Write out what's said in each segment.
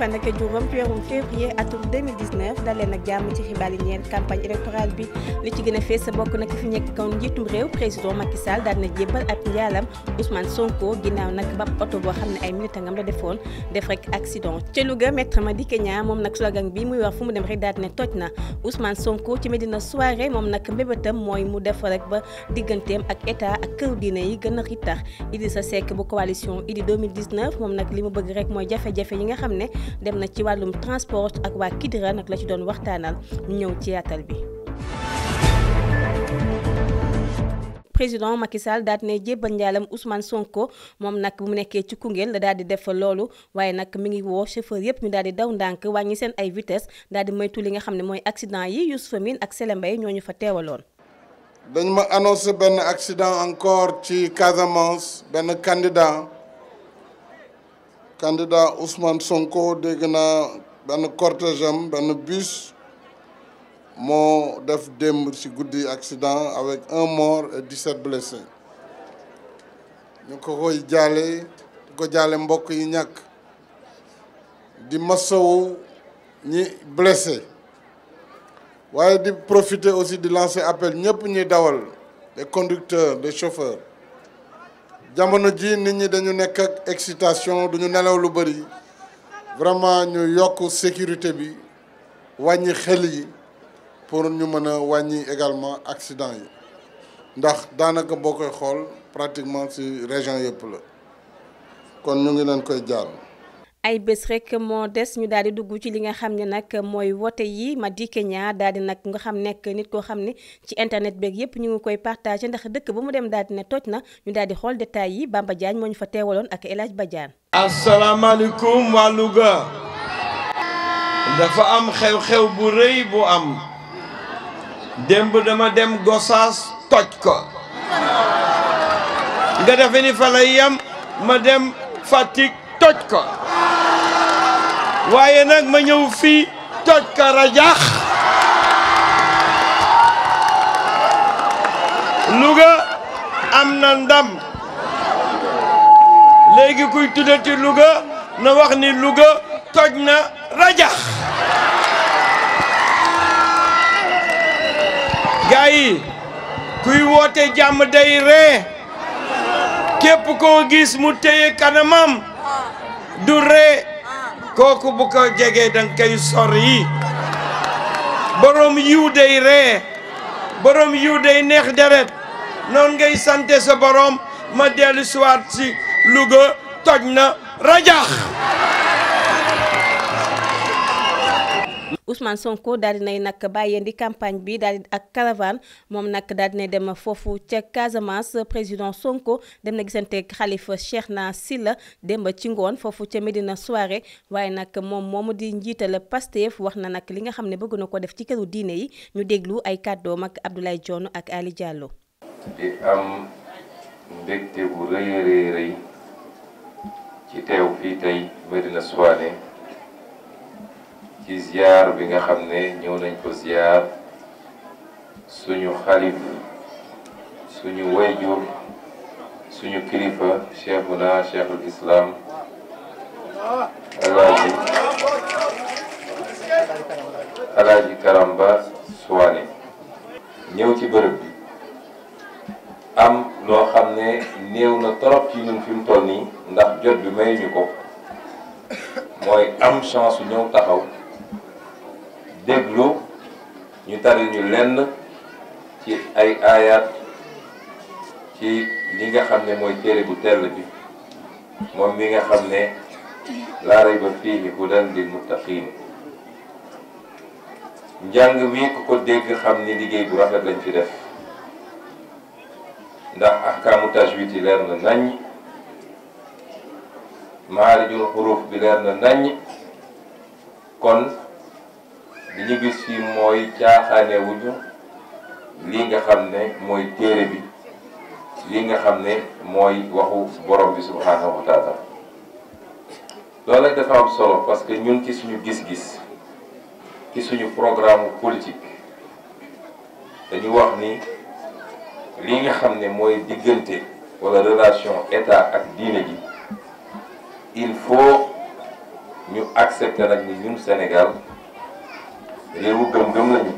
fan ak juróom ci weerum février atum 2019 dalee nag jàmm ci xibaar yi ñeel campagne électorale bi li ci gën a fees bokk nag fi nekk kon njiitum réew président Macky Sall daal na jébbal ab njaalam Ousmane Sonko ginnaaw nag ba oto boo xam ne ay militangam la defoon def rek accident ca Louga ma di Niang moom nag slogan bi muy wax fu mu dem rek daal ne toj na Ousmane Sonko ci Medina soirée moom nag mbébétam mooy mu def rek ba digganteem ak état ak këru diine yi gën a xittax Idrissa Seck bu coalition Idy moom nag li mu bëgg rek mooy jafe yi nga xam ne dem na ci wàllum transport ak waa Kidira nag la ci doon waxtaanal ñu ñëw ci yaatal bi. président Macky Sall daal ne jébbal njaalam Ousmane Sonko moom nag bu mu nekkee ci Koungheul la daal di def fa loolu waaye nag mi ngi woo chauffeur yëpp ñu daal di daw ndànk wàññi seen ay vitesse daal di moytu li nga xam ne mooy accident yi Youssoupha Mine ak Sélé Mbaye ñoo ñu fa teewaloon. dañ ma annoncé benn accident encore ci Casamance benn candidat. candidat Ousmane Sonko dégg naa benn cortège am benn bus moo def démb ci guddi accident avec un mort et 17 blessés ñu ko koy jaale di ko jaale mbokk yi ñàkk di masawu ñi blessé waaye di profiter aussi di lancer appel ñëpp ñuy dawal des conducteurs des chauffeurs jamono ji nit ñi dañu nekk ak excitation duñu nelaw lu bëri vraiment ñu yokk sécurité bi wàññi xel yi pour ñu mën a wàññi également accident yi ndax daanaka boo koy xool pratiquement ci région yëpp la kon ñu ngi leen koy jaal ay bés rek moo des ñu daal di dugg ci li nga xam ne nag mooy wote yi Madické Niang daal di nag nga xam nekk nit koo xam ne ci internet beeg yépp ñu ngi koy partagé ndax dëkk ba mu dem daal di ne toj na ñu daal di xool détails yi Bamba Diagne moo ñu fa teewaloon ak El Hadj Badiane. asalaamaaleykum waa Louga. dafa am xew-xew bu rëy bu am. démb dama dem Gosaas toj ko. nga defe ni fa lay yam ma dem Fatick toj ko. waaye nag ma ñëw fi toj ka rajax Louga am na ndam léegi kuy tuddati Louga na wax ni Louga toj na rajax gaa yi kuy woote jàmm day ree képp koo gis mu téye kanamam du ree kooku bu ko jegee danga koy sori borom yiw day ree borom yiw day neex deret noon ngay sante sa borom ma dellu siwaat si Louga toj na rajax Ousmane Sonko daal di nay nag bàyyeendi campagne bi daal di ak caravane moom nag daal di dem foofu ca Casamance président Sonko dem na gisante Khalifa Cheikhna Silla démb ci ngoon foofu ca Médina Soirée waaye nag moom moomu di njiital Pastef wax na nag li nga xam ne bëgg na ko def ci këru diine yi ñu déglu ay kàddoom ak Abdoulaye Dione ak Ali Diallo. di am mbégte bu rëy a rëy ci teew fii tey Médina Soirée. ci ziar bi nga xam ne ñëw nañ ko ziar suñu xalif suñu wayjur suñu kilifa cheikhuna cheikhul islam alaaji alaaji karamba suwaane ñëw ci bërëb bi am loo xam ne néew na torop ci ñun fi toll nii ndax jot bi mayuñu ko mooy am chance ñëw taxaw tari lenn ci ay aayaat ci li nga xam ne mooy téere bu tell bi moom mi nga xam ne laa rayba fiihi hudan lil muttaqin njàng mi ku ko dégg xam ni liggéey bu rafet lañ ci def ndax ahkaamu tajwid yi leer na nañ maarijul xuruf bi leer na nañ kon ñu gis fi mooy caaxaane wuñu lii nga xam ne mooy téere bi lii nga xam ne mooy waxu borom bi subhanahu wa taala loolu nag dafa am solo parce que ñun ci suñu gis-gis ci suñu programme politique dañu wax ni li nga xam ne mooy diggante wala relation état ak diine bi il faut ñu accepter nag ni ñun Sénégal réewu gëm-gëm lañu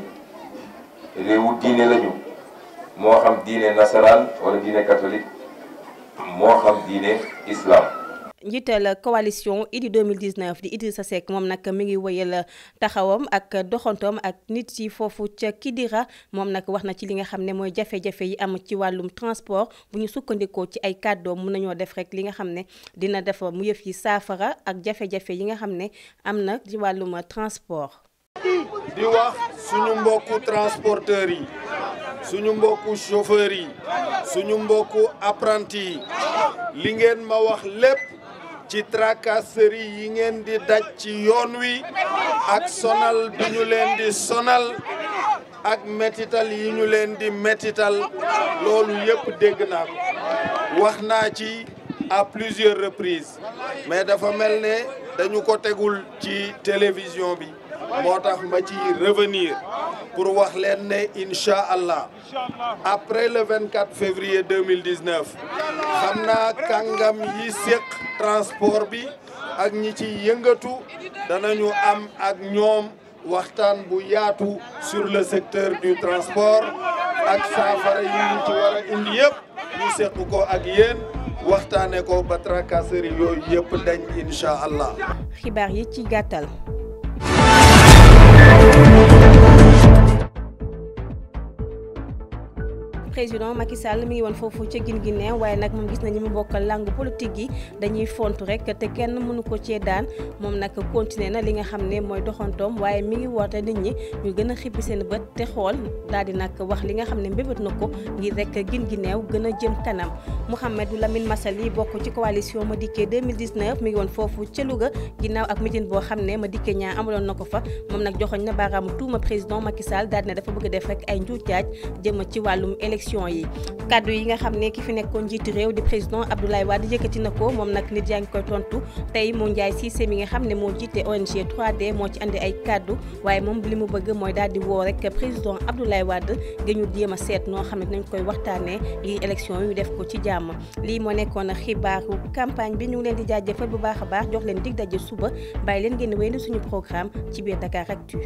réewu diine lañu moo xam diine nasaraan wala diine catholique moo xam diine islam. njiital coalition Idy 2019 di Idrissa Seck moom nag mi ngi wëyal taxawam ak doxantoom ak nit yi foofu ca Kidira moom nag wax na ci li nga xam ne mooy jafe-jafe yi am ci wàllum transport bu ñu sukkandikoo ci ay kàddoom mu nañoo def rek li nga xam ne dina def mu yëf yi saafara ak jafe-jafe yi nga xam ne am na ci wàllum transport. di wax suñu mbokku transporteurs yi suñu mbokku chauffeurs yi suñu mbokku apprentis yi li ngeen ma wax lépp ci tracasserie yi ngeen di daj ci yoon wi ak sonal bi leen di sonal ak metital yi ñu leen di métital loolu yëpp dégg naa wax naa ci à plusieurs reprises mais dafa mel ne dañu ko tegul ci télévision bi moo tax ma ci revenir pour wax leen ne incha allah après le 24 février 2019 xam naa kàngam yi séq transport bi ak ñi ci yëngatu danañu am ak ñoom waxtaan bu yaatu sur le secteur du transport ak saafara yi ñu ci war indi yëpp ñu séq ko ak yéen waxtaane ko ba tracasserie yooyu yëpp dañ incha allah. xibaar yi ci gàttal. président Macky Sall mi ngi woon foofu ca Guinguinéo waaye nag moom gis nañu mu bokkal langue politique yi dañuy fontu rek te kenn mënu ko cee daan moom nag continué na li nga xam ne mooy doxantoom waaye mi ngi woote nit ñi ñu gën a xibbi seen bët te xool daal di nag wax li nga xam ne mbébét na ko ngir rek Guinguinéo gën a jëm kanam Mouhamadou Lamine Massaly bokk ci coalition Madické 2019 mi ngi woon foofu ca Louga ginnaaw ak meeting boo xam ne Madické ñaa na ko fa moom na baaraamu tuuma président Macky Sall daal di ne dafa bëgg élection yi kàddu yi nga xam ne ki fi nekkoon njiitu réew di président Abdoulaye Wade yëkkati na ko moom nag nit yaa ngi koy tontu tey mu Njaay Siise mi nga xam ne moo jiite ONG 3D moo ci indi ay kàddu waaye moom li mu bëgg mooy daal di woo rek président Abdoulaye Wade gi ñu jéem seet noo xam ne nañ koy waxtaanee lii élection yi ñu def ko ci jàmm lii moo nekkoon xibaaru campagne bi ñu leen di jëfal bu baax a baax jox leen dig daje suba bàyyi leen ngeen wéyal suñu programme ci biir Dakar Actu